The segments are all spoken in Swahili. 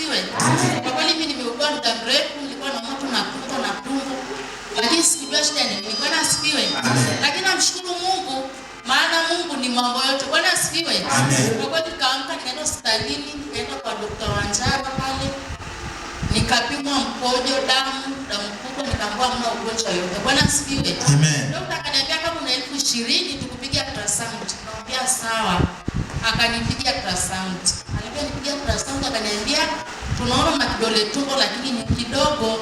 asifiwe. Kwa kweli mimi nimeugua muda mrefu, nilikuwa na moto na kuto na tumbo, lakini sikujua shida ni nini. Bwana asifiwe. Lakini namshukuru Mungu, maana Mungu ni mambo yote. Bwana asifiwe. Kwa kweli nikaamka, nikaenda hospitalini, nikaenda kwa Dr. Wanjara pale, nikapimwa mkojo, damu, damu kubwa, nikaambiwa mna ugonjwa yote. Bwana asifiwe. Dokta akaniambia kama una elfu ishirini tukupigia ultrasound. Nikamwambia sawa, akanipigia ultrasound, aliponipigia ultrasound akakuja akaniambia, tunaona makidole tuko, lakini ni kidogo,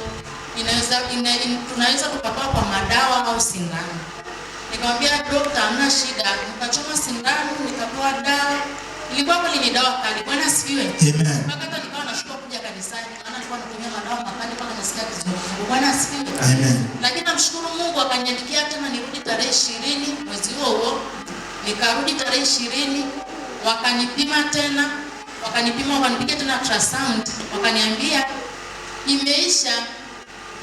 inaweza ina, in, tunaweza tukapaa kwa madawa au sindano. Nikamwambia dokta, hamna shida. Nikachoma sindano, nikatoa dawa, ilikuwa kweli ni dawa kali. Bwana asifiwe. Amen. Amen. Lakini namshukuru Mungu akaniandikia tena nirudi tarehe ishirini mwezi huo huo, nikarudi tarehe ishirini wakanipima tena wakanipima, wakanipiga tena ultrasound, wakaniambia imeisha.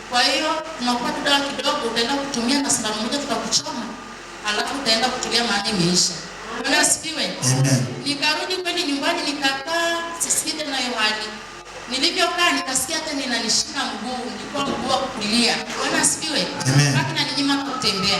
Kwa hiyo tunakuwa tu dawa kidogo, utaenda kutumia na sindano moja tutakuchoma, alafu utaenda kutulia, maana imeisha. Bwana asifiwe. Nikarudi kweli nyumbani, nikakaa sisikii tena hiyo hali. Nilivyokaa nikasikia hata ninanishinda mguu, nilikuwa mguu wa kulia. Bwana asifiwe. Amen. Lakini naninyima kutembea.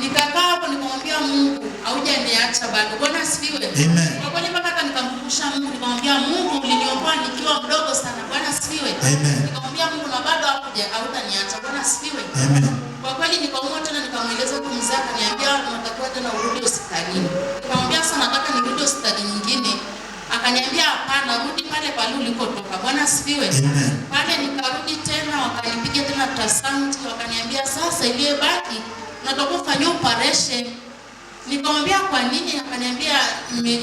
Nikakaa hapo nikamwambia Mungu, haujaniacha bado. Bwana asifiwe. Amen. Kwa kweli mpaka hata nikamkumbusha Mungu, nikamwambia Mungu, uliniokoa nikiwa mdogo sana. Bwana asifiwe. Amen. Nikamwambia Mungu na bado hakuja hautaniacha. Bwana asifiwe. Amen. Kwa kweli nikaumwa tena nikamweleza mume wangu, akaniambia unatakiwa tena urudi hospitalini. Nikamwambia sana nataka nirudi hospitali nyingine. Akaniambia hapana, rudi pale pale ulikotoka. Bwana asifiwe. Amen. Pale nikarudi tena, wakanipiga tena ultrasound, wakaniambia sasa iliyobaki natakuwa kufanyia operation. Nikamwambia kwa nini? Akaniambia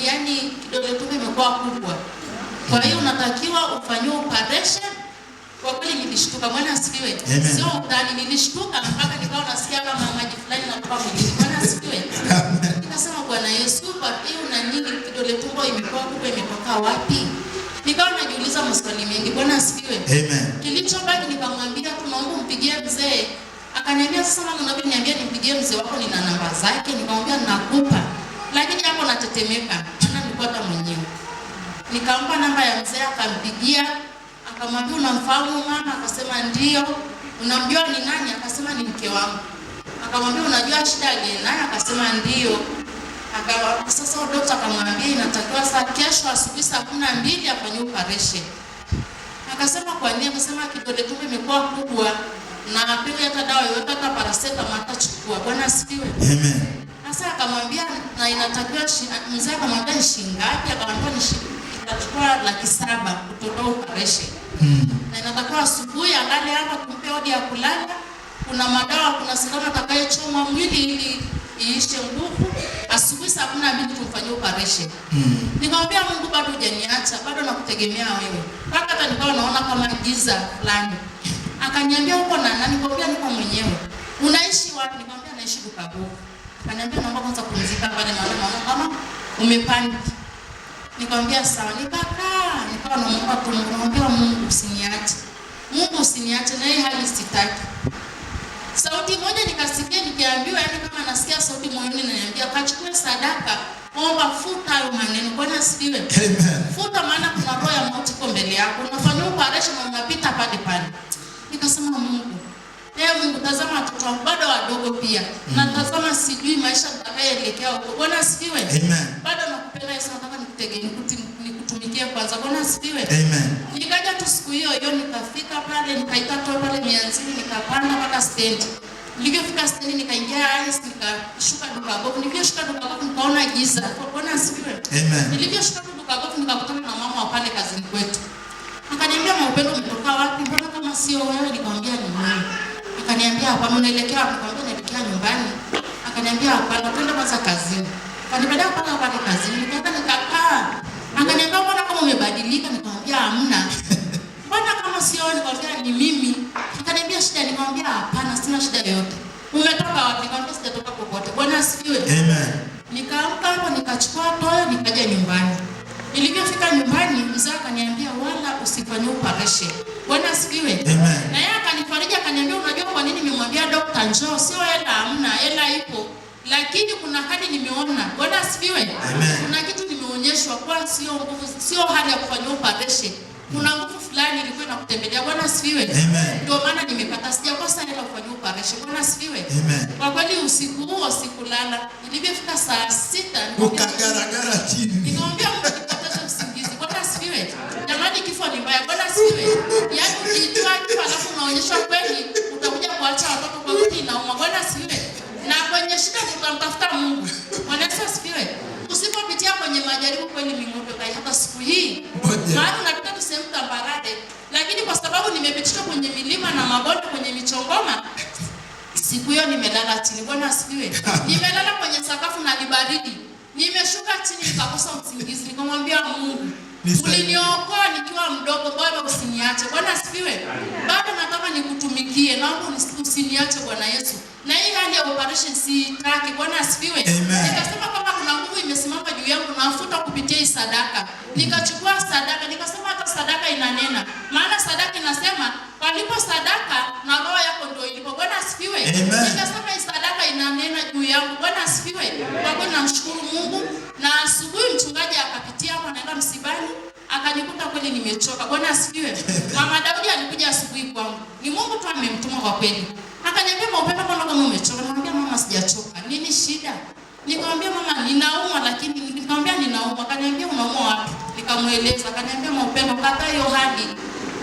yaani kidole tu imekuwa kubwa, kwa hiyo unatakiwa ufanye operation. Kwa kweli nilishtuka, mwana asikiwe, sio ndani, Nilishtuka mpaka nikawa nasikia kama maji fulani natoka mwilini, mwana asikiwe. Nikasema Bwana Yesu, kwa hiyo na nini kidole tumbo imekuwa kubwa, imetoka wapi? Nikawa najiuliza maswali mengi, Bwana asikiwe. Amen. Kilichobaki nikamwambia tunaomba mpigie mzee Akaniambia sasa, mama, unabii niambia nimpigie mzee wako, nina namba zake. Nikamwambia nakupa, lakini hapo natetemeka, tena nilikuwa hata mwenyewe. Nikampa namba ya mzee, akampigia, akamwambia unamfahamu mama? Akasema ndio. Unamjua ni nani? Akasema ni mke wangu. Akamwambia unajua shida gani naye? Akasema ndio. Akawa sasa dokta akamwambia inatakiwa saa kesho asubuhi saa kumi na mbili afanyie operation. Akasema kwa nini? Akasema kidole tumbo imekuwa kubwa na apewe hata dawa iweka hata paracetamol atachukua. Bwana asifiwe. Amen. Sasa akamwambia na inatakiwa mzee akamwambia ni shilingi ngapi? Akamwambia ni shilingi itachukua laki saba operation. Mm. Na inatakiwa asubuhi hapa kumpe odi ya kulala. Kuna madawa, kuna sindano atakayochoma mwili ili iishe nguvu. Asubuhi saa kumi na mbili operation. Mm. Nikamwambia Mungu bado hujaniacha, bado nakutegemea wewe. Mpaka hata nikawa naona kama giza fulani akaniambia uko na nani? Nikamwambia niko mwenyewe. Unaishi wapi? Nikamwambia naishi Bukavu. Akaniambia naomba kwanza kumzika pale na mama kama umepanda. Nikamwambia sawa, nikakaa nikawa naomba kumwambia Mungu usiniache. Mungu usiniache na hii hali sitaki. Sauti moja nikasikia nikiambiwa, yani kama nasikia sauti moyoni inaniambia kachukue sadaka, omba futa hayo maneno. Bwana asifiwe. Amen. wangu bado wadogo pia mm. na tazama, sijui maisha nitakayoelekea huko. Bwana asifiwe, amen. Bado nakupenda Yesu, nataka nikutegemee, nikutumikie kwanza. Bwana asifiwe, Nikaja tu siku hiyo hiyo nikafika pale, nikaita nikaitatoa pale mianzini, nikapanda mpaka stendi. Nilipofika stendi nikaingia ICE, nikashuka duka bovu. Niliposhuka duka bovu nikaona giza. Bwana asifiwe, amen. Niliposhuka duka bovu nika Nikamwambia hapa mnaelekea wapi? Nikamwambia naelekea nyumbani. Akaniambia hapa nakwenda kwanza kazini. Kanipeleka hapa hapa ni kazini. Nikaenda nikakaa. Akaniambia mbona kama umebadilika? Nikamwambia hamna. Mbona kama sioni? Nikamwambia ni mimi. Akaniambia shida? Nikamwambia hapana, sina shida yoyote. Umetoka wapi? Nikamwambia sijatoka popote. Bwana asifiwe. Amen. Nikaamka hapo nikachukua toyo nikaja nyumbani. Nilivyofika nyumbani mzee akaniambia wala usifanye operation. Bwana asifiwe. Amen. Na yeye akanifariji akaniambia Dr. Njoo, sio hela, hamna hela, ipo lakini kuna hali nimeona. Bwana asifiwe. Kuna kitu nimeonyeshwa kwa sio nguvu, sio hali ya kufanya operation. Kuna nguvu fulani ilikuwa inakutembelea. Bwana asifiwe. Ndio maana nimepata, sijakosa hela kufanya operation. Bwana asifiwe. Kwa kweli usiku huo sikulala, nilipofika saa sita ukagaragara chini, nikamwambia Mungu nipate usingizi. Bwana asifiwe. Jamani, kifo ni mbaya. Bwana asifiwe. Yaani ukijitoa kifo alafu unaonyeshwa kweli, utakuja kuacha watoto umeshika ukamtafuta Mungu. Bwana Yesu asifiwe. Usipopitia kwenye majaribu kweli mbinguni utaiona siku hii. Maana nataka tuseme tambarare, lakini kwa sababu nimepitishwa kwenye milima na mabonde, kwenye michongoma, siku hiyo nimelala chini. Bwana asifiwe. Nimelala kwenye sakafu na libaridi. Nimeshuka chini nikakosa usingizi, nikamwambia Mungu, uliniokoa nikiwa mdogo, Bwana usiniache. Bwana asifiwe. Bado nataka nikutumikie, naomba usiniache Bwana Yesu na hii hand ya operation sitaki. Bwana asifiwe. Nikasema kama kuna nguvu imesimama juu yangu, nafuta kupitia hii sadaka. Nikachukua sadaka, nikasema hata sadaka inanena, maana sadaka inasema palipo sadaka na roho yako ndio ilipo. Bwana asifiwe. Nikasema hii sadaka inanena juu yangu. Bwana asifiwe. Kwa kweli namshukuru Mungu, na asubuhi mchungaji akapitia hapo, anaenda msibani akanikuta kweli nimechoka. Bwana asifiwe. Mama Daudi alikuja asubuhi kwangu, ni Mungu tu amemtuma kwa kweli. Akaniambia maupe hapa na kama umechoka. Nikamwambia mama sijachoka. Nini shida? Nikamwambia mama ninauma lakini nikamwambia ninauma. Akaniambia unaumwa wapi? Nikamueleza. Akaniambia maupe kata hiyo hadi.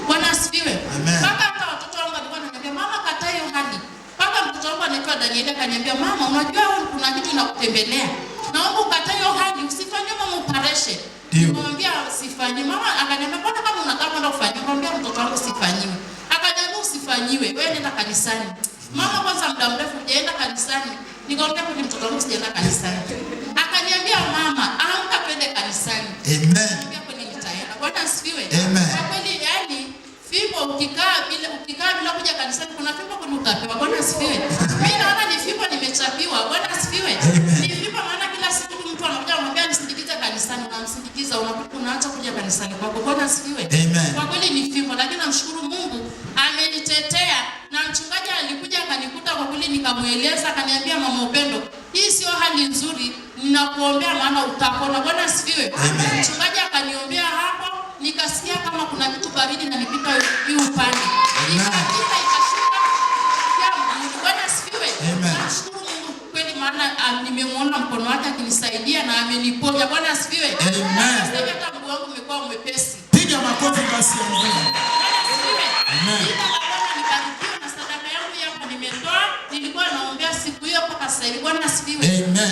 Bwana asifiwe. Amen. Kaka hata watoto wangu walikuwa wananiambia mama kata hiyo hadi. Kaka mtoto wangu anaitwa Daniela akaniambia mama unajua wewe kuna kitu inakutembelea. Naomba ukatae hiyo hadi usifanye mama operation. Nikamwambia usifanye mama akaniambia bwana kama unataka kwenda kufanya. Nikamwambia mtoto wangu sifanyiwe. Akaniambia usifanyiwe. Wewe nenda kanisani. Mama, kwanza muda mrefu hujaenda kanisani. Nikaongea kwa mtoto wangu sijaenda kanisani. Akaniambia mama, amka twende kanisani. Amen. kwa nini nitaenda. Bwana asifiwe. Amen. Kwa kweli yani fimbo ukikaa bila ukikaa bila kuja kanisani kuna fimbo kuna utapewa. Bwana asifiwe. Mimi naona ni fimbo nimechapiwa. Bwana asifiwe. Ni fimbo maana kila siku mtu anakuja anamwambia nisindikize kanisani, na msindikiza unakuta unaacha kuja kanisani kwako. Bwana asifiwe. Amen. Kwa kweli ni fimbo lakini namshukuru Mungu amenitetea nikamweleza, akaniambia mama Upendo, hii sio hali nzuri, ninakuombea maana utapona. Bwana asifiwe. Mchungaji akaniombea hapo, nikasikia kama kuna kitu baridi na nipita hii upande ah, nimemwona mkono wake akinisaidia na ameniponya. Bwana asifiwe. Amen. Hata mguu wangu umekuwa mwepesi. Piga makofi basi. Amen.